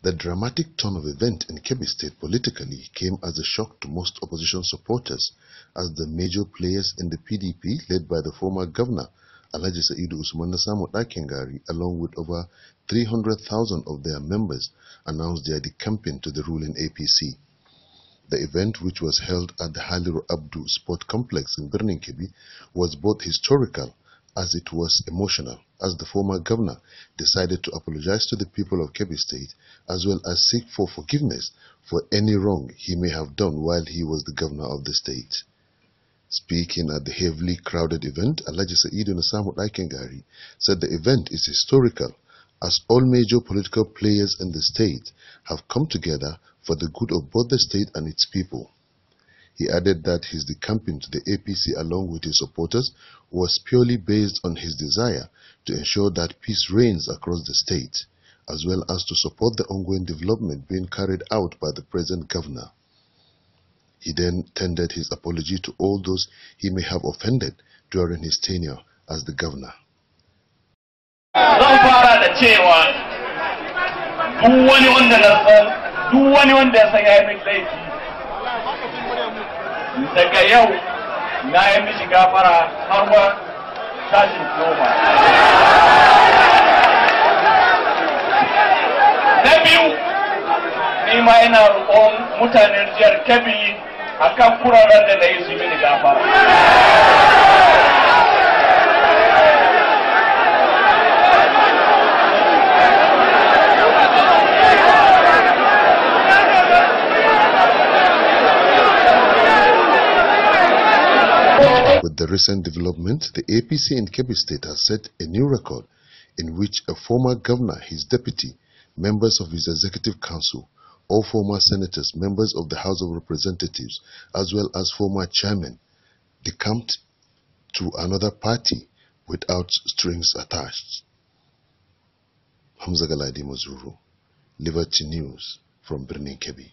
The dramatic turn of event in Kebbi State politically came as a shock to most opposition supporters as the major players in the PDP led by the former governor Alhaji Sa'idu Usman Nasamu Dakengari along with over 300,000 of their members announced their decamping to the ruling APC. The event, which was held at the Haliru Abdu Sport Complex in Birnin Kebbi, was both historical as it was emotional as the former governor decided to apologize to the people of Kebbi State as well as seek for forgiveness for any wrong he may have done while he was the governor of the state. Speaking at the heavily crowded event, Alhaji Saeed Nasamu Aikengari said the event is historical as all major political players in the state have come together for the good of both the state and its people. He added that his decamping to the APC along with his supporters was purely based on his desire to ensure that peace reigns across the state, as well as to support the ongoing development being carried out by the present governor. He then tendered his apology to all those he may have offended during his tenure as the governor. Don't daga yau na yi mishi gafara har wa tashin koma na biyu ni ma ina roƙon mutanen jihar a kan kuraren da na yi su mini gafara the recent development, the APC in Kebbi State has set a new record in which a former governor, his deputy, members of his executive council, all former senators, members of the House of Representatives, as well as former chairmen, decamped to another party without strings attached. Hamza Galadi Mazuru, Liberty News from Birnin Kebi.